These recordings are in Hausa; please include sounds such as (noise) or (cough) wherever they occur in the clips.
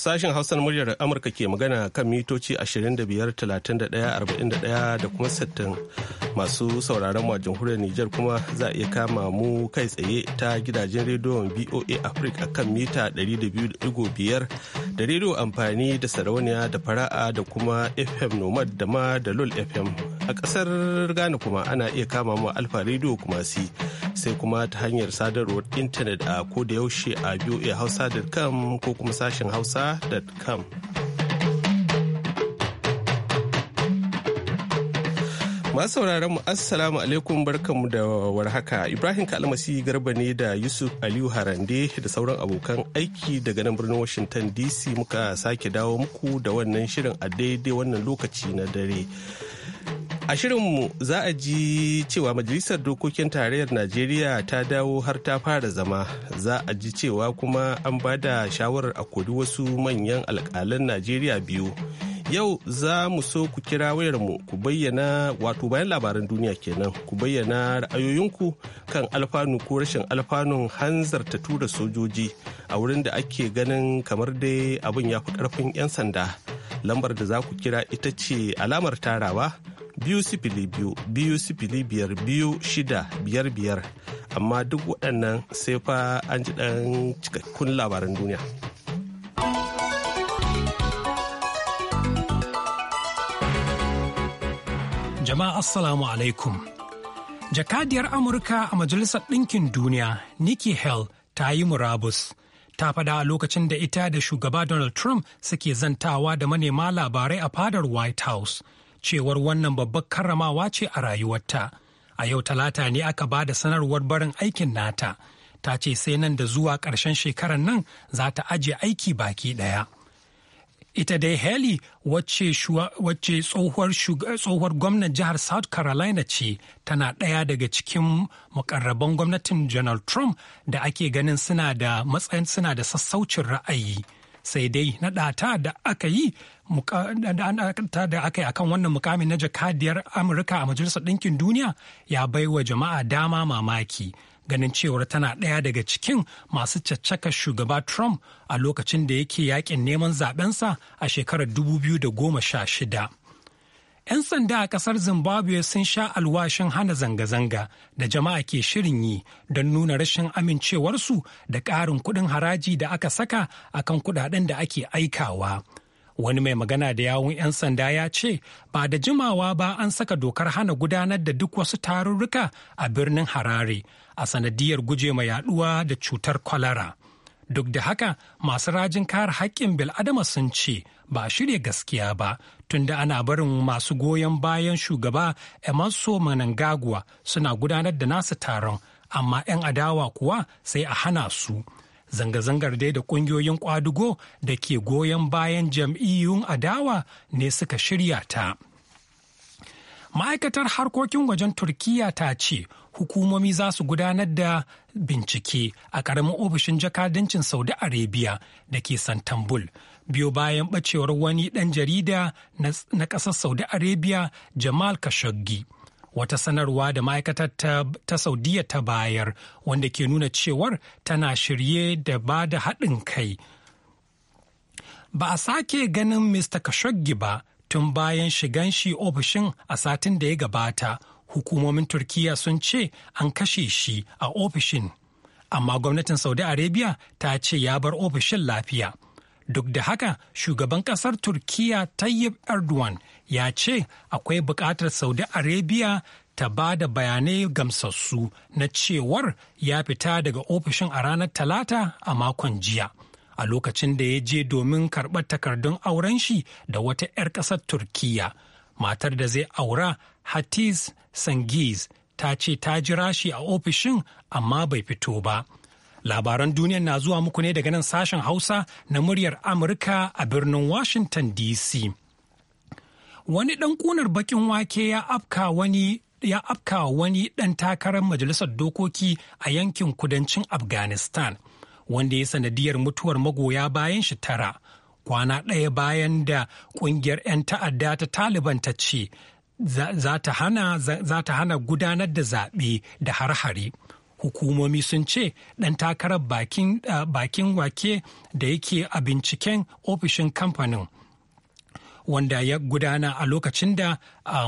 Sashen Hausar muryar Amurka ke magana kan mitoci 25,31,41 da kuma 60 masu sauraron mu a jamhuriyar Nijar kuma za a iya kama mu kai tsaye ta gidajen rediyon BOA Africa kan mita 200.5 da rediyo amfani da sarauniya da fara'a da kuma FM Nomad da ma da LOL FM. a ƙasar ghana kuma ana iya kama mu alfa rediyo kuma si sai kuma ta hanyar sadarwar intanet a koda yaushe a voa hausa.com ko kuma sashen hausa.com Masu sauraron mu assalamu alaikum barkanmu da warhaka Ibrahim Kalmasi Garba ne da Yusuf Aliyu Harande da sauran abokan aiki daga nan birnin Washington DC muka sake dawo muku da wannan shirin a daidai wannan lokaci na dare. A shirinmu za a ji cewa Majalisar Dokokin Tarayyar Najeriya ta dawo har ta fara zama. Za a ji cewa kuma an ba da shawarar a kori wasu manyan alƙalan Najeriya biyu. Yau za mu so ku kira wayarmu ku bayyana wato bayan labaran duniya kenan ku bayyana ra'ayoyinku kan alfanu ko rashin alfanun hanzarta tura sojoji a wurin da ake ganin kamar dai abin ya fi ƙarfin 'yan sanda. lambar da za ku kira ita ce alamar tarawa biyu sifili biyu biyu sifili biyar biyu shida biyar biyar amma duk waɗannan sai fa an ji ɗan cikakkun labaran duniya. Jama'a Assalamu alaikum. Jakadiyar Amurka a Majalisar Ɗinkin Duniya, Nikki hell ta yi murabus ta fada a lokacin da ita da shugaba Donald Trump suke zantawa da manema labarai a fadar White House, cewar wannan babbar karramawa ce a rayuwarta. A yau talata ne aka ba da sanarwar barin aikin nata, ta ce sai nan da zuwa ƙarshen shekarar nan za ta ajiye aiki baki ɗaya. ita dai haley wacce tsohuwar gwamnan jihar south carolina ce tana ɗaya daga cikin mukarraban gwamnatin donald trump da ake ganin suna da matsayin suna da sassaucin ra'ayi sai dai na ɗata da aka yi da aka wannan mukamin na jakadiyar amurka a majalisar ɗinkin duniya ya baiwa jama'a dama mamaki ganin cewar tana ɗaya daga cikin masu caccaka shugaba Trump a lokacin da yake yakin neman zaɓensa a shekarar 2016. 'Yan sanda a ƙasar Zimbabwe sun sha alwashin hana zanga-zanga da jama'a ke shirin yi don nuna rashin amincewarsu da ƙarin kuɗin haraji da aka saka akan kuɗaɗen da ake aikawa. wani mai magana da yawun 'yan sanda ya ce ba da jimawa ba an saka dokar hana gudanar da duk wasu tarurruka a birnin harare a sanadiyar gujema yaduwa da cutar kwalara duk da haka masu rajin kare haƙƙin bil'adama sun ce ba shirya gaskiya ba tunda ana barin masu goyon bayan shugaba emerson manangagwa suna gudanar da nasu taron amma 'yan adawa kuwa sai a hana su Zanga-zangar dai da ƙungiyoyin ƙwadago da ke goyon bayan jam'iyyun adawa ne suka shirya ta. Ma'aikatar harkokin wajen Turkiyya ta ce hukumomi za su gudanar da bincike a ƙaramin ofishin jakadancin Saudi Arabia da ke Santambul. Biyo bayan ɓacewar wani ɗan jarida na ƙasar Saudi Arabia Jamal Khashoggi. wata sanarwa da ma'aikatar ta saudiya ta bayar wanda ke nuna cewar tana shirye da ba da haɗin kai ba a sake ganin mr khashoggi ba tun bayan shigan shi ofishin a satin da ya gabata hukumomin turkiya sun ce an kashe shi a ofishin amma gwamnatin saudi arabia ta ce ya bar ofishin lafiya Duk da haka, shugaban ƙasar Turkiyya Tayyip Erdogan ya ce akwai buƙatar Saudi Arabia ta ba da bayanai gamsassu na cewar ya fita daga ofishin a ranar Talata a makon jiya. A lokacin da ya je domin karɓar takardun auren shi da wata 'yar ƙasar Turkiyya, matar da zai aura Hatice Sangiz ta ce ta jira shi a ofishin amma bai fito ba. Labaran duniya na zuwa muku ne daga nan sashen Hausa na muryar Amurka a birnin Washington DC. Wani ɗan ƙunar bakin wake ya afka wani ya afka wani ɗan takarar majalisar dokoki a yankin kudancin Afghanistan, wanda ya sanadiyar mutuwar magoya bayan shi tara, kwana ɗaya bayan da ƙungiyar 'yan ta'adda ta Taliban ta ce za ta hana gudanar da zaɓe da har-hare. hukumomi sun ce ɗan takarar bakin wake da yake a binciken ofishin kamfanin wanda ya gudana a lokacin da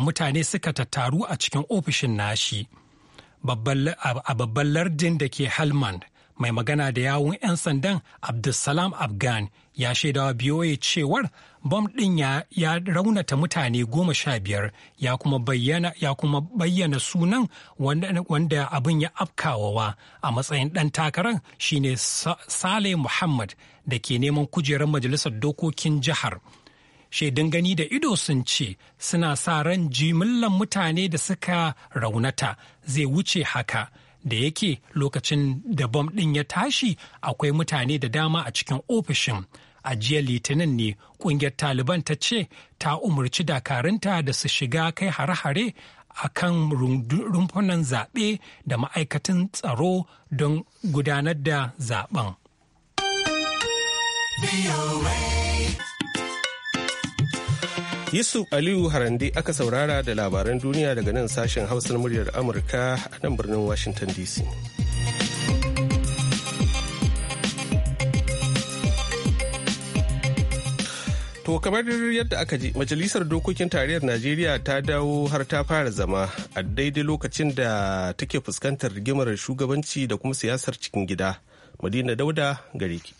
mutane suka tattaru a cikin ofishin nashi a babban lardin da ke helmand mai magana da yawun 'yan sandan abdulsalam afghan ya shaidawa biyoye cewar bom ɗin ya, raunata mutane goma sha biyar ya kuma bayyana, sunan wanda, abin ya afkawawa a matsayin ɗan takarar shine sale muhammad da ke neman kujerar majalisar dokokin jihar shaidun gani da ido sun ce suna sa ran jimillan mutane da suka raunata zai wuce haka da yake lokacin da bom ɗin ya tashi akwai mutane da dama a cikin ofishin. A jiya litinin ne ƙungiyar Taliban ta ce ta umarci dakarunta da su shiga kai hare-hare a kan rumfunan zaɓe da ma'aikatan tsaro don gudanar da zaɓen. Yusuf Aliyu Harande aka saurara da labaran duniya daga nan sashen hausar muryar Amurka a nan birnin Washington DC. To kamar yadda aka ji majalisar dokokin tarayyar Najeriya ta dawo har ta fara zama a daidai lokacin da take fuskantar rigimar shugabanci da kuma siyasar cikin gida. Madina Dauda gare ki.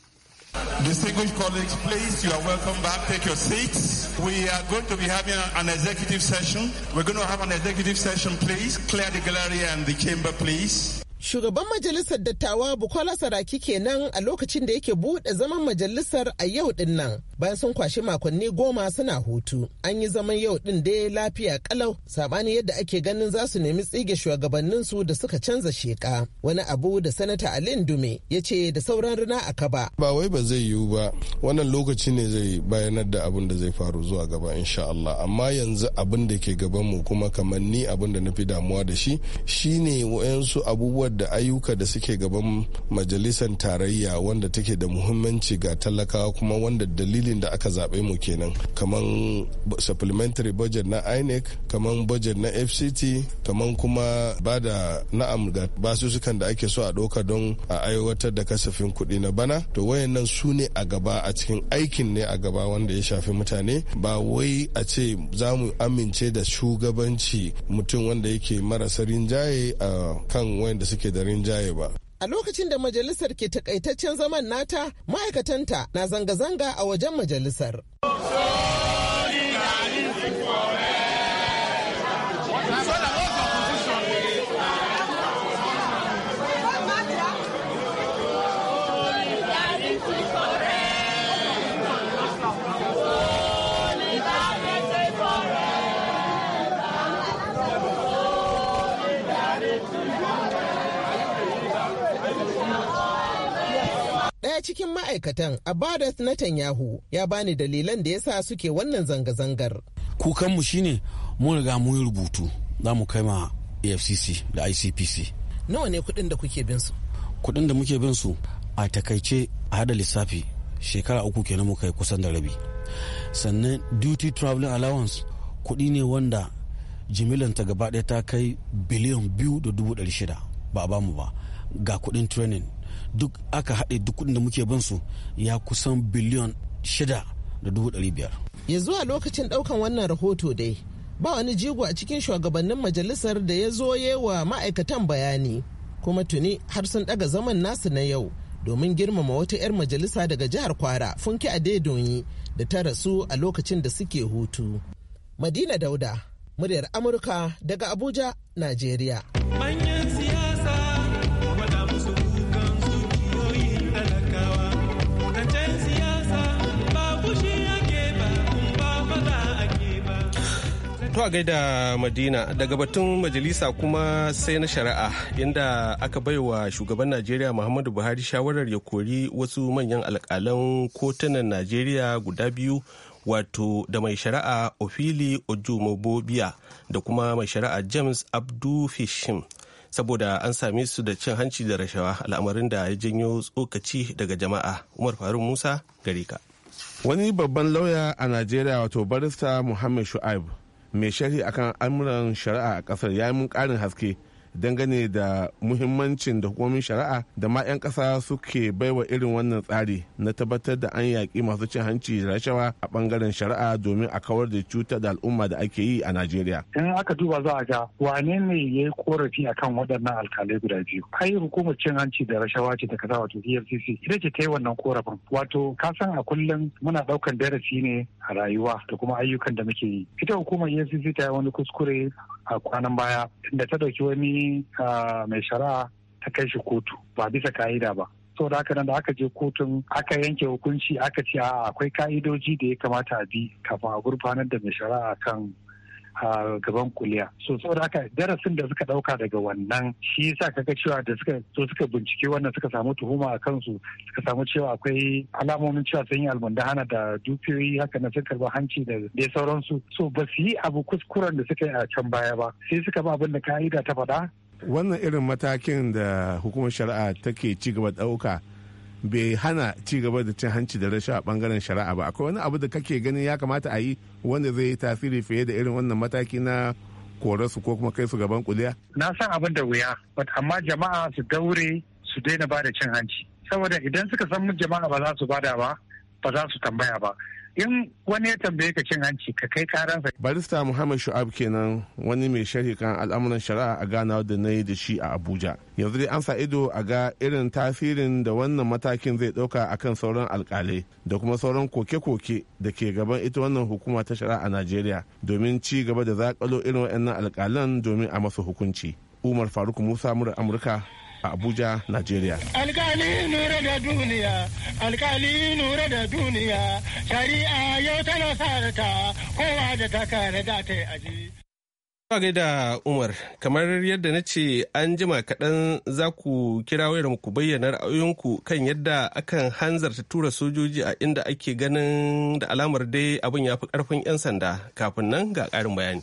Distinguished colleagues, please, you are welcome back. Take your seats. We are going to be having an executive session. We're going to have an executive session, please. Clear the gallery and the chamber, please. Shugaban majalisar dattawa Bukola Saraki kenan a lokacin da yake buɗe zaman majalisar a yau din nan bayan sun kwashi makonni goma suna hutu. An yi zaman yau din dai lafiya kalau sabani yadda ake ganin za su nemi tsige shugabanninsu da suka canza sheka. Wani abu da sanata Alin Dume ya ce da sauran rina a kaba. Ba wai ba zai yiwu ba wannan lokaci ne zai bayanar da abin da zai faru zuwa gaba insha Allah amma yanzu abin da ke gabanmu kuma kamar ni abin da na fi damuwa da shi shine wayansu abubuwa da ayyuka da suke gaban majalisar tarayya wanda take da muhimmanci ga talakawa kuma wanda dalilin da aka zaɓe mu kenan kamar supplementary budget na inec kamar budget na fct kamar kuma ba da na'am ga basussukan da ake so a ɗauka don a aiwatar da kasafin kuɗi na bana to wayannan su ne a gaba a cikin aikin ne a gaba wanda ya shafi mutane ba wai a ce za mu amince da shugabanci mutum wanda yake marasa rinjaye a kan wayanda suke ke da rinjaye ba a lokacin da majalisar ke takaitaccen zaman nata ma'aikatanta na zanga-zanga a wajen majalisar. cikin ma'aikatan Abadat Netanyahu ya bani dalilan da yasa suke wannan zanga-zangar. Kukanmu shine mun riga mun yi rubutu za mu kai ma AFCC da ICPC. Nawa ne kuɗin da kuke bin su? Kuɗin da muke bin su a takaice a hada lissafi shekara uku kenan muka yi kusan da rabi. Sannan duty traveling allowance kuɗi ne wanda jimilanta gaba ɗaya ta kai biliyan biyu da dubu ɗari shida ba a bamu ba ga kuɗin training duk aka haɗe duk kuɗin da muke bin su ya kusan biliyon shida da dubu ɗari biyar. ya zuwa lokacin ɗaukan wannan rahoto dai ba wani jigo a cikin shugabannin majalisar da ya zo wa ma'aikatan bayani kuma tuni har sun ɗaga zaman nasu na yau domin girmama wata 'yar majalisa daga jihar kwara funke adedoyi da ta rasu a lokacin da suke hutu madina dauda muryar amurka daga abuja najeriya zuwa a gaida Madina daga batun majalisa kuma sai na shari'a inda aka bai wa shugaban Najeriya Muhammadu Buhari shawarar ya kori wasu manyan alkalan kotunan Najeriya guda biyu wato da mai shari'a Ofili ojumobobia da kuma mai shari'a James Abdu Fishim saboda an same su da cin hanci da rashawa al'amarin da ya janyo tsokaci daga jama'a Umar Faruk Musa gari ka. Wani babban lauya a Najeriya wato barista Muhammad Shu'aib mai sharhi akan al'amuran shari'a a kasar ya yi mun karin haske dangane da muhimmancin da hukumomin shari'a da ma 'yan ƙasa suke baiwa irin wannan tsari na tabbatar da an yaƙi masu cin hanci da rashawa a bangaren shari'a domin a kawar da cutar da al'umma da ake yi a Najeriya. In aka duba za a ga wane ne ya yi korafi akan waɗannan alkalai guda biyu. Ai hukumar cin hanci da rashawa ce ta kasa wato EFCC ita ce ta yi wannan korafin. Wato ka san a kullum muna ɗaukan darasi ne a rayuwa da kuma ayyukan da muke yi. Ita hukumar EFCC ta yi wani kuskure a kwanan baya da ta ɗauki wani mai shari'a ta kai shi kotu ba bisa ka'ida ba da haka nan da aka je kotun aka yanke hukunci aka ce akwai ka'idoji da ya kamata a bi kafin a gurfanar da mai shari'a kan gaban kuliya so saboda haka darasin da suka dauka daga wannan shi yasa kaga cewa da suka so suka bincike wannan suka samu tuhuma a kansu suka samu cewa akwai alamomin cewa sun yi almundahana da dukiyoyi haka na sun karba hanci da dai sauransu so ba su yi abu kuskuren da suka yi a can baya ba sai suka ba abin da ka'ida ta faɗa wannan irin matakin da hukumar shari'a take ci gaba ɗauka bai hana ci gaba da cin hanci da rashawa a bangaren shari'a ba akwai wani abu da kake ganin ya kamata a yi wanda zai yi tasiri fiye da irin wannan mataki na kore su ko kuma kai su gaban kuliya na san abin da wuya amma jama'a su daure su daina ba da cin hanci saboda idan suka san jama'a ba za su bada ba ba za su tambaya ba in wani ya tambaye ka cin hanci ka kai karansa. barista muhammad shu'ab kenan wani mai sharhi kan al'amuran shari'a a Ghana da na yi da shi a abuja yanzu dai an sa ido a ga irin tasirin da wannan matakin zai ɗauka akan sauran alkalai da kuma sauran koke-koke da ke gaban ita wannan hukuma ta shari'a a najeriya domin ci gaba da zakalo irin waɗannan alkalan domin a masa hukunci umar faruk musa mura amurka a Abuja, nigeria. Alkali nura da duniya, alkali nura da duniya, shari'a yau tana sarata kowa da ta kare da ta yi aji. Kwa gaida Umar, kamar yadda na ce an jima kaɗan za ku kira wayar ku bayyana ra'ayoyinku kan yadda akan hanzarta tura sojoji a inda ake ganin da alamar dai abin ya fi ƙarfin 'yan sanda kafin nan ga ƙarin bayani.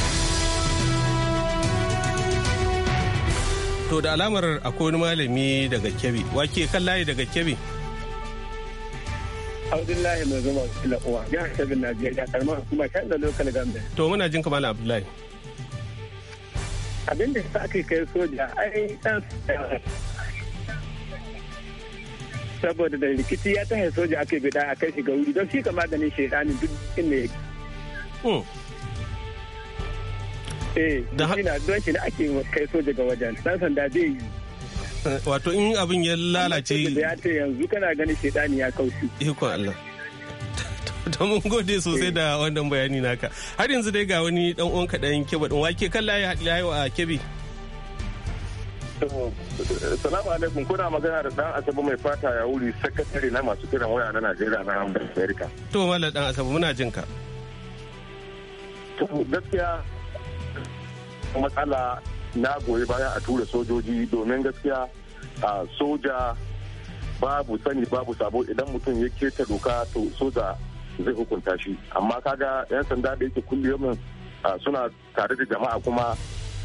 To da alamar akwai wani malami daga Kebbi. Wake kan layi daga kebi. Abdullahi mai zuma kila uwa jihar Kebbi Najeriya karamar kuma ta da lokal gambe. To muna jin kamar Abdullahi. Abin da aka kai soja ai dan saboda da rikici ya tahe soja ake bida a kai shi wuri don shi ka maganin shaidanin duk inda yake. Hmm. Eh, da ina don shi ne ake kai soja ga wajen dan sanda zai yi wato in abin ya lalace ya ce yanzu kana ganin shedani ya kaushi iko Allah (laughs) to mun gode sosai eh. da wannan bayani naka har yanzu dai ga wani dan uwan kaɗan keba din wake kan layi a kebe Salamu alaikum kuna magana da dan asabu mai fata ya wuri sakatare na masu kiran waya na Najeriya na Amurka. To mallan dan asabu muna jin ka. gaskiya matsala na goyi baya a tura sojoji domin gaskiya a soja babu sani babu sabo idan mutum ya keta doka to soja zai hukunta shi amma kaga yan sanda da yake kullum suna tare da jama'a kuma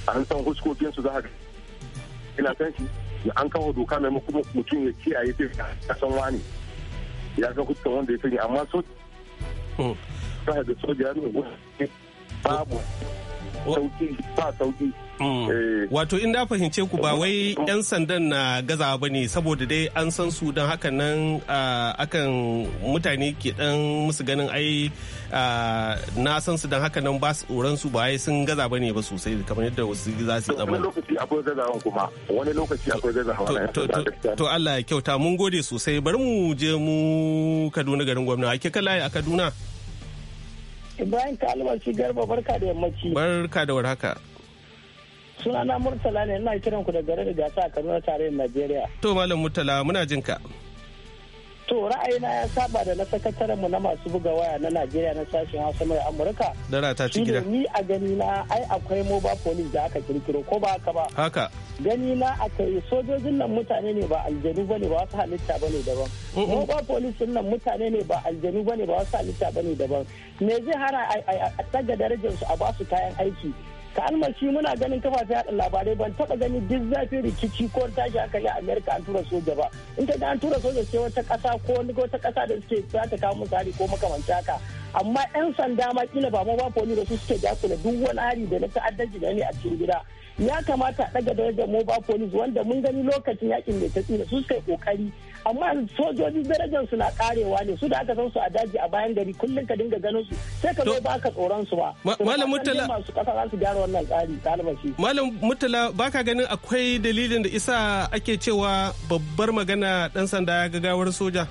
an san huskokin su za ka ina san shi an kawo doka mai kuma mutum ya kiyaye sai ya san wani ya ga huskan wanda ya sani amma hmm. soja babu sauki ba sauki mm. eh. wato in da fahimce ku ba wai mm. yan sandan na gazawa ba ne saboda dai an san su don hakan nan akan mutane ke dan musu ganin ai na san su don hakan nan ba su tsoron su ba sun gaza ba ne ba sosai kamar yadda wasu za su yi wani lokaci akwai gazawan kuma wani lokaci akwai gazawan to Allah ya kyauta mun gode sosai bari mu je mu Kaduna garin gwamna ake kalaye a Kaduna Ibrahim ka garba barka da yammaci. Barka da warhaka. Sunana Murtala ne ina kiran ku da garin gasa a Kaduna tarayyar Najeriya. To Malam Murtala muna jinka? To ra'ayina ya saba da na sakataren mu na masu buga waya na Najeriya na sashen Hausa mai Amurka. Da rata ci gida. Ni a gani na ai akwai mobile police da aka kirkiro ko ba haka ba. Haka. Gani na yi sojojin nan mutane ne ba aljanu bane ba wasu halitta bane daban. Oh, oh. Mobile police nan mutane ne ba aljanu bane ba wasu halitta bane daban. Me zai hana a daga darajar su a basu kayan aiki. ka almashi muna ganin kafafen yaɗa labarai ban taɓa gani duk zafin rikici ko tashi yi a amerika an tura soja ba in ta ga an tura soja ce wata ƙasa ko wani wata ƙasa da suke za ta kawo musu hari ko makamanci haka amma yan sanda ma kila ba ma ba da su suke dakula duk wani hari da na ta'addanci da ne a cikin gida ya kamata a daga darajar mobile police wanda mun gani lokacin yakin mai tatsi da su suka yi kokari amma sojoji darajar su na karewa ne su da aka san su a daji a bayan gari kullum ka dinga ganin su sai ka zo baka tsoron su ba malam mutala masu kasa za su gyara wannan tsari talibashi malam mutala baka ganin akwai dalilin da isa ake cewa babbar magana dan sanda ya gawar soja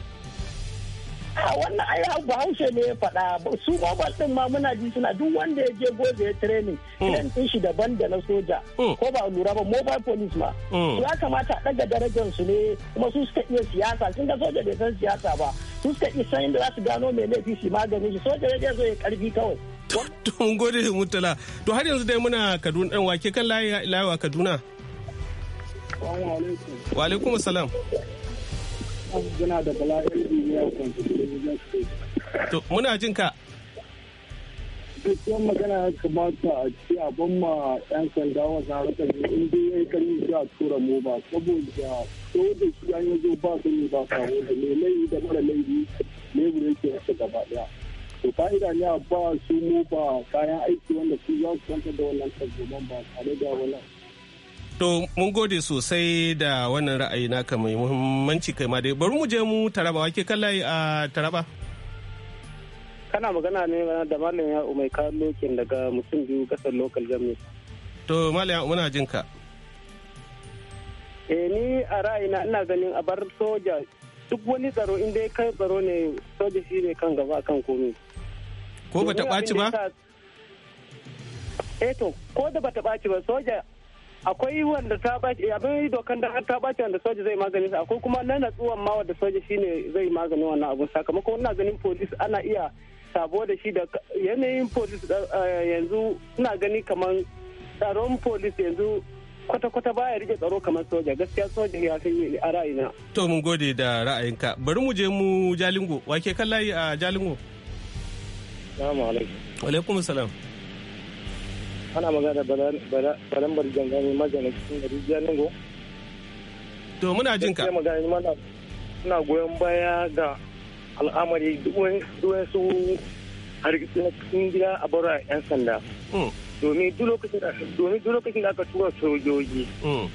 wannan ai har bahaushe ne ya faɗa su mobile din ma muna ji suna duk wanda ya je goza ya training hmm. idan din shi daban da na soja hmm. ko ba lura ba mobile police ma hmm. ya kamata ɗaga darajar su ne kuma su suka iya siyasa sun ga soja bai san siyasa ba su suka iya san inda za su gano mai laifi su maganin shi soja ya je zo ya karfi kawai to mun gode mutala to har yanzu dai muna kaduna ɗan wake kan layi Kaduna. wa kaduna wa alaikum salam Muna da Bala Injiniya Kwanci To muna jin ka. Gaskiyar magana ya kamata a ce a ban ma 'yan sanda wannan harkar ne in dai ya yi karni sai a tura mu ba saboda ko da shi an zo ba su ne ba kawo da mai laifi da mara laifi wuri ke rasa gaba daya. To fa'ida ne a ba su mu ba kayan aiki wanda su za su kwantar da wannan tarzoman ba tare da wannan To mun gode sosai da wannan ra'ayi naka mai muhimmanci kai ma dai bari mu je mu Taraba wake kallaye a Taraba. Kana magana ne da Malam ya umai lokin daga mutum biyu kasar local government. To Malam muna jin ka. Eh ni a ra'ayina ina ganin a bar soja duk wani tsaro inda ya kai tsaro ne soja shi ne kan gaba kan komi. Ko bata ɓaci ba? Eh to ko da bata ɓaci ba soja akwai wanda ta bace abin dokan da ta bace wanda soja zai magani sa akwai kuma na natsuwan ma wanda soja shine zai magani wannan abun sakamakon wannan ganin police ana iya sabo da shi da yanayin police eh, yanzu suna gani kamar tsaron police yanzu kwata-kwata baya rike tsaro kamar soja gaskiya soja ya kai a ra'ayina. To mun gode da ra'ayinka bari mu je mu Jalingo wake kan layi a Jalingo. Salamu alaikum. Alaikum salam. ana magana da balambar jangani magana cikin gari jalingo to muna jin ka suna goyon baya ga al'amari duwan su hargitsi na a bara 'yan sanda hmm. domin duk lokacin da aka tura sojoji hmm.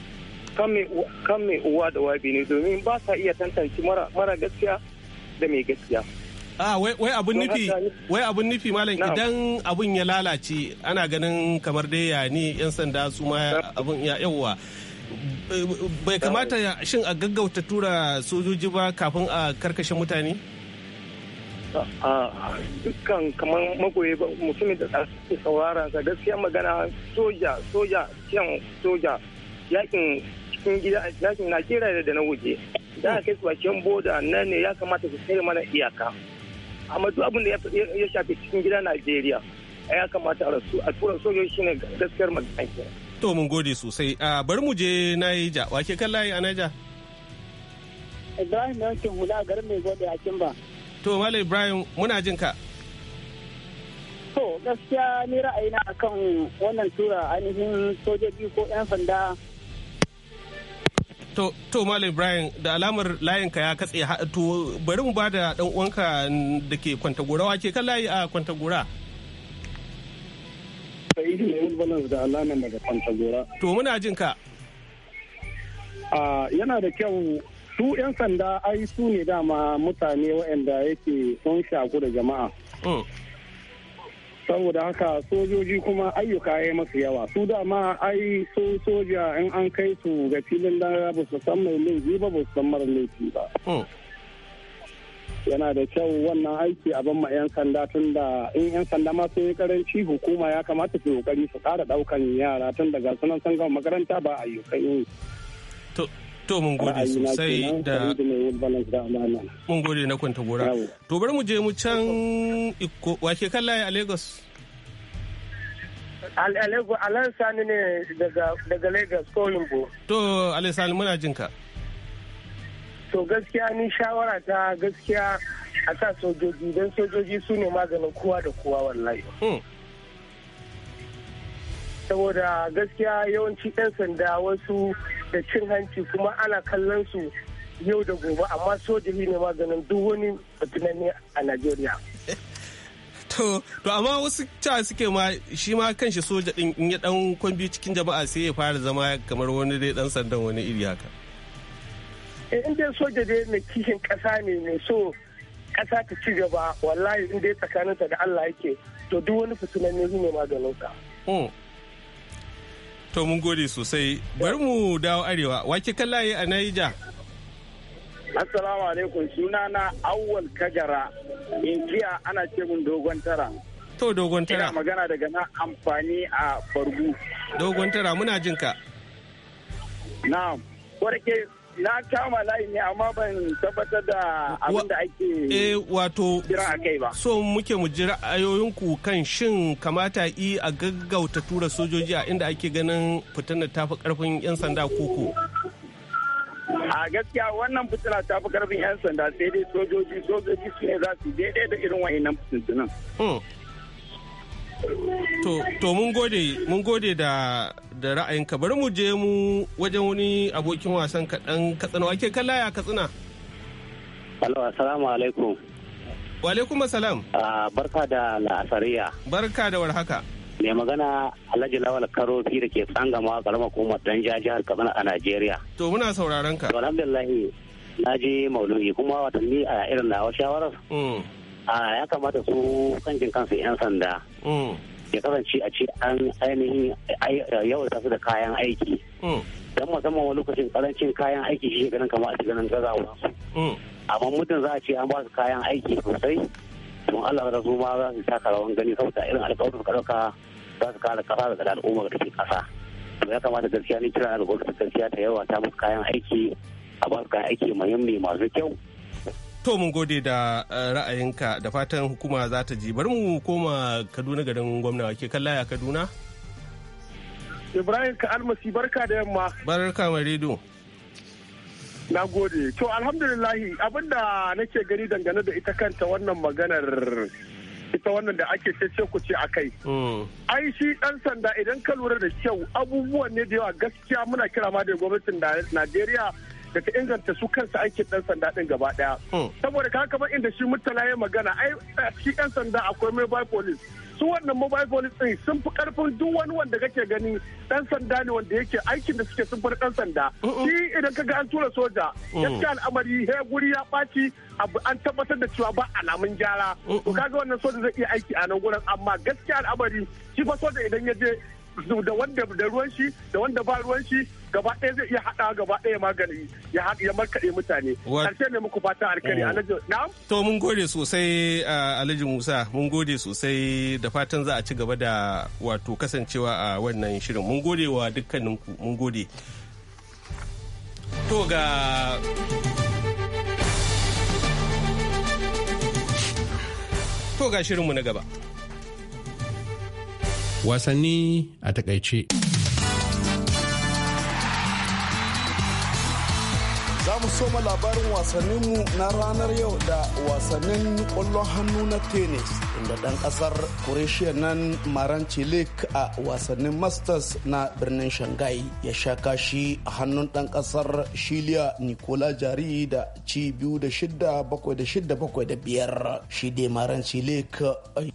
kan mai uwa da wabi ne domin ba sa iya tantance mara gaskiya da mai gaskiya a ah, wai abun nufi wai abun nufi malam idan abun ya lalace ana ganin kamar dai ya ni yan sanda su ma abun ya yawwa bai kamata shin a gaggauta tura sojoji ba kafin a karkashe mutane dukkan kamar ba mutumin da suke saurara ga gaskiya magana soja soja kyan soja yakin cikin gida yakin na kira da na waje da aka kai su bakin boda nan ne ya kamata su tsere mana iyaka amma duk abin da ya shafi cikin gida najeriya ya kamata a tura sojoji ne gaskiyar magana kenan to mun gode sosai bari mu je naija wake kan layi a naija ibrahim yankin hula garin mai gode a kimba to malam ibrahim muna jin ka to gaskiya ni ra'ayina akan wannan tura ainihin sojoji ko 'yan sanda To, to Malam Ibrahim da alamar layinka ya katse to bari mu bada da uwanka da ke kwantagora wake kan layi a kwanta gora. To muna jin ka. yana da kyau su 'yan sanda ai su ne dama mutane waɗanda yake sun shaku da jama'a. Mm. saboda haka sojoji kuma ayyuka ya yi masu yawa su dama ai so soja in an kai su ga filin dara ba su san mai laifi ba ba su san mara laifi ba oh. yana da kyau wannan aiki a ma 'yan sanda tun da in 'yan sanda ma sun yi karanci hukuma ya kamata su kokari su kara daukan yara tun daga sunan san gama makaranta ba ayyukan yi To mun gode sosai da mun gode na kwanta gora. To bari mu je mu can wake kan layi a Lagos. Alan Sani ne daga Lagos ko Limbo. To Alan Sani muna jin ka. To gaskiya ni shawara ta gaskiya a sa sojoji don sojoji su ne maganin kowa da kowa wallahi. Hmm. Saboda gaskiya yawanci 'yan sanda wasu da cin hanci kuma ana kallon su yau da gobe amma sojoji ne maganin duk wani tunani a najeriya to amma wasu ta suke ma shi ma kan shi soja din in ya dan kwambi cikin jama'a sai ya fara zama kamar wani dai dan sandan wani iri haka eh, in dai soja dai mai kishin kasa ne mai so kasa ta ci gaba wallahi in dai tsakaninta da Allah yake to duk wani fitinanne ne maganinsa hmm. To mun gode sosai. Bari mu dawo arewa. Wake kallaye a Naija. Assalamu alaikum suna na awwal kagara jiya ana ce mun dogon tara. To dogon tara. Ina magana daga na amfani a fargu. Dogon tara muna jinka. ka. Na'am. Warke na kama layi ne amma ban tabbatar da abin da ake eh wato a kai ba so muke mu ji ra'ayoyinku kan shin kamata i a gaggauta tura sojoji a inda ake ganin fitinar tafi karfin yan sanda koko a gaskiya wannan fitina ta fi karfin yan sanda sai dai sojoji sojoji su ne za su daidai da irin wa'annan fitintunan hmm. To, to mun gode, mun gode da da ra'ayinka bari mu je mu wajen wani abokin wasan kaɗan katsina wake kalla ya katsina. Hello, assalamu alaikum. Wa alaikum assalam. Ah, barka da la'asariya. Barka da warhaka. Mai magana Alhaji Lawal Karofi da ke tsangama karamar hukumar Danja jihar Katsina a Najeriya. To muna sauraron ka. Alhamdulillah na je mauludi kuma watanni a ah, irin nawa shawarar. Mm. Ah, ya kamata su kanjin kansu 'yan sanda Mm. ya kasance a ce an ainihin yawan su da kayan aiki mm. don musamman wani lokacin karancin kayan aiki shi ganin kama a ganin gazawa mm. amma mutum za a ce an ba su kayan aiki sosai don Allah da su ma za su taka rawan gani saboda irin alƙawarin ka ɗauka za su kare kasa daga al'umma da ke kasa to ya kamata gaskiya ni kira da gwamnati gaskiya ta yawa ta masu kayan aiki a ba su kayan aiki muhimmi masu kyau To mun gode da eh, ra'ayinka da fatan hukuma za ta ji. Bari mu koma Kaduna garin gwamna ke ya Kaduna? Ibrahim ka almasi barka da yamma. Barka marido. Na gode. To alhamdulillahi abinda nake gani dangane da ita kanta wannan maganar ita wannan da ake cece ku ce a kai. Hmm. Ai shi ɗan sanda idan ka lura da kyau abubuwan ne da yawa gaskiya muna kira ma da gwamnatin Najeriya da ta inganta su kansa aikin dan sanda din gaba ɗaya. Hmm. saboda ka kamar inda shi murtala ya magana ai shi dan sanda akwai mobile police su wannan mobile police din sun fi karfin duk wani wanda kake gani dan sanda ne wanda yake aikin da suke sun fi dan sanda hmm, hmm. shi idan ka ga an tura soja gaskiya al'amari he guri ya ɓaci an tabbatar da cewa ba alamun gyara to kaga wannan soja zai iya aiki a nan gurin amma gaskiya al'amari shi ba soja idan ya je da wanda da ruwan shi da wanda ba ruwan shi gaba ɗaya zai iya haɗa gaba ɗaya magani ya haɗa ya markaɗe mutane karshe ne muku fata alkari oh. alhaji na'am to mun gode sosai uh, alhaji musa mun gode sosai da fatan za a ci gaba da wato kasancewa a wannan shirin mun gode wa dukkanin ku mun gode to ga to ga shirinmu na gaba wasanni a takaice mu soma labarin wasanninmu na ranar yau da wasannin kwallon hannu na tennis inda ɗan ƙasar Croatia nan Maran a wasannin Masters na birnin Shanghai ya sha kashi a hannun ɗan ƙasar Shilia Nicola Jari da ci biyu da shida bakwai da shida bakwai da biyar. Shi dai Maran eh,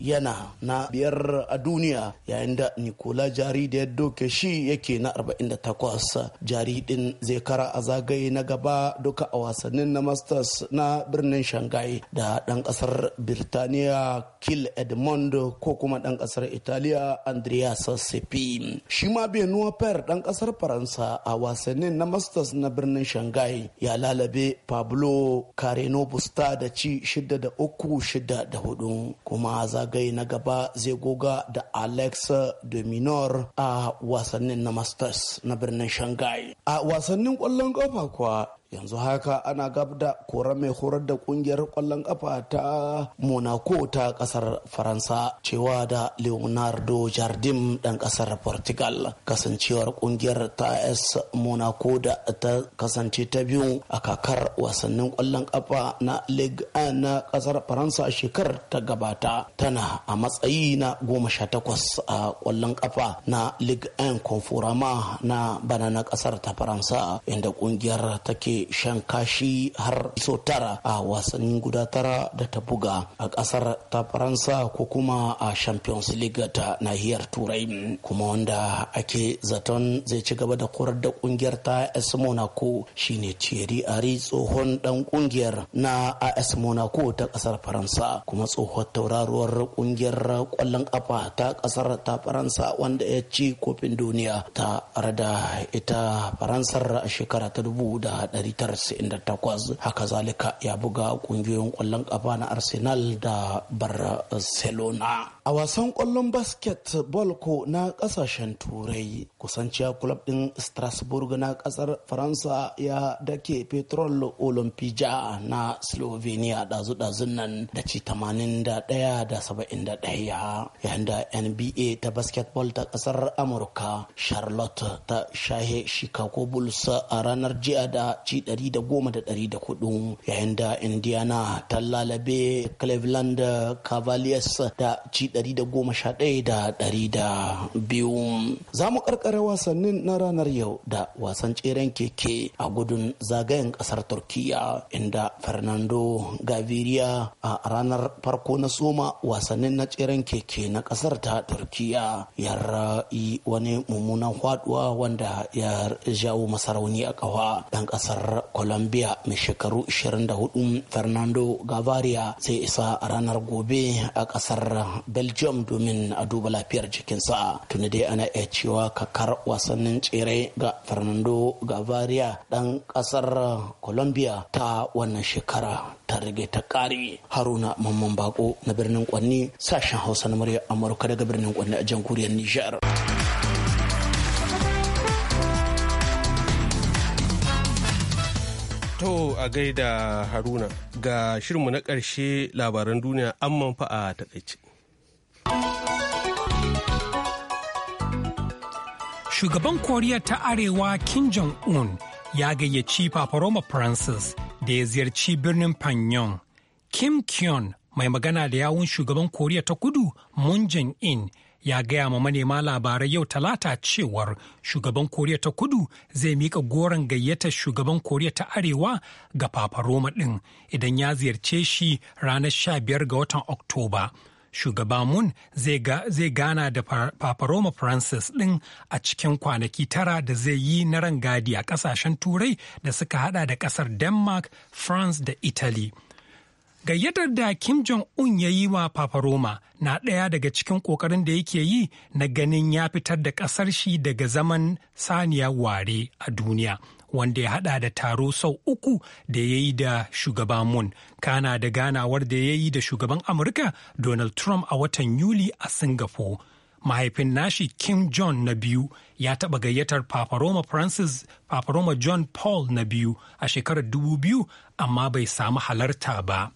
yana na biyar a duniya yayin da Nicola Jari da ya doke shi yake na 48. Jari din zai kara a zagaye na gaba duka a wasannin na masters na birnin shanghai da ɗan ƙasar birtaniya kil edmond ko kuma ɗan ƙasar italiya andrea sassefi shi ma benuwa per ɗan ƙasar faransa a wasannin na masters na birnin shanghai ya lalabe pablo careno busta da ci shida da uku shida da hudu kuma zagaye na gaba zai goga da alex dominor a wasannin na masters na birnin shanghai a wasannin kwallon kafa kuwa yanzu haka ana gab da kora mai horar da kungiyar kwallon kafa ta monaco ta kasar faransa cewa da leonardo jardim dan kasar portugal kasancewar kungiyar ta s monaco da ta kasance ta biyu a kakar wasannin kwallon kafa na ligue na kasar faransa shekarar ta gabata tana a matsayi na goma sha takwas a kwallon kafa na ligue 1 conforama na bana na kasar ta faransa inda kungiyar take shan kashi har so tara a wasannin guda tara da ta buga a kasar ta faransa ko kuma a champions league ta nahiyar turai kuma wanda ake zaton zai ci gaba da korar da kungiyar ta as monaco shine thierry ari tsohon dan kungiyar na as monaco ta kasar faransa kuma tsohon tauraruwar kungiyar kwallon kafa ta kasar ta faransa wanda ya ci kofin duniya ta rada ita faransar a shekara ta dubu da dari 1998 haka zalika ya buga kungiyoyin kwallon kafa na arsenal da barcelona a wasan kwallon basketball ko na kasashen turai kusanciya club din strasbourg na kasar faransa ya dake petrol olympija na slovenia dazu-dazun nan da ci 81 da 71 yayin da nba ta basketball ta kasar amurka charlotte ta shahe chicago bulls a ranar jiya da ci kashi 110 104 yayin da indiana ta lalabe cleveland cavaliers da ci 111 da 102 za mu karkara wasannin na ranar yau da wasan tseren keke a gudun zagayen kasar turkiya inda fernando gaviria a ranar farko na soma wasannin na tseren keke na kasar ta turkiya ya ra'ayi wani mummunan faduwa wanda ya jawo masarauni a kawa dan kasar kasar colombia mai shekaru 24 fernando gavaria zai isa a ranar gobe a kasar belgium domin a duba lafiyar jikinsa tuni dai ana iya cewa kakar wasannin tsere ga fernando gavaria dan kasar colombia ta wannan shekara ta rage ta kare haruna mamman bako na birnin kwanni sashen hausa na murya amurka daga birnin kwanni a jamhuriyar nijar. To a gaida Haruna ga shirinmu na ƙarshe labaran duniya an manfa a taƙaice. Shugaban Koriya ta Arewa Kim Jong-un ya gayyaci Paparoma Francis da ya ziyarci birnin Pyongyang. Kim Kyon mai magana da yawun shugaban Koriya ta Kudu Moon Jae-in ya gaya ma manema labarai yau talata cewar shugaban koriya ta kudu zai mika goron gayyatar shugaban koriya ta arewa ga fafaroma ɗin idan ya ziyarce shi ranar 15 ga watan oktoba shugaba mun zai gana da paparoma francis ɗin a cikin kwanaki tara da zai yi na rangadi a ƙasashen turai da suka hada da ƙasar denmark france da italy Gayyatar da Kim Jong-un ya yi wa Papa Roma na ɗaya daga cikin ƙoƙarin da yake yi na ganin ya fitar da ƙasar shi daga zaman saniya ware a duniya. wanda ya hada da taro sau uku da ya yi da shugaban mun kana da ganawar da ya yi da shugaban Amurka Donald Trump a watan Yuli a Singapore. Mahaifin nashi Kim John na biyu ya taɓa gayyatar roma Francis roma John Paul na biyu a shekarar dubu biyu amma bai samu halarta ba.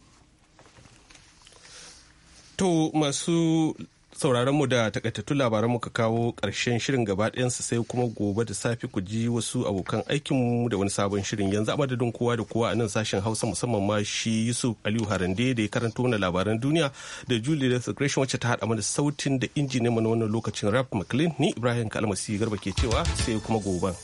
To masu sauraron mu da takaitattun labaran muka kawo ƙarshen shirin gaba ɗayansa sai kuma gobe da safe ku ji wasu abokan aikin mu da wani sabon shirin yanzu madadin kowa da kowa a nan sashen hausa musamman ma shi yusuf aliyu harande da ya karanto mana labaran duniya da julie da secretion wacce ta haɗa mana sautin da injiniyan mana wannan lokacin rap mclean ni ibrahim kalmasi garba ke cewa sai kuma goben.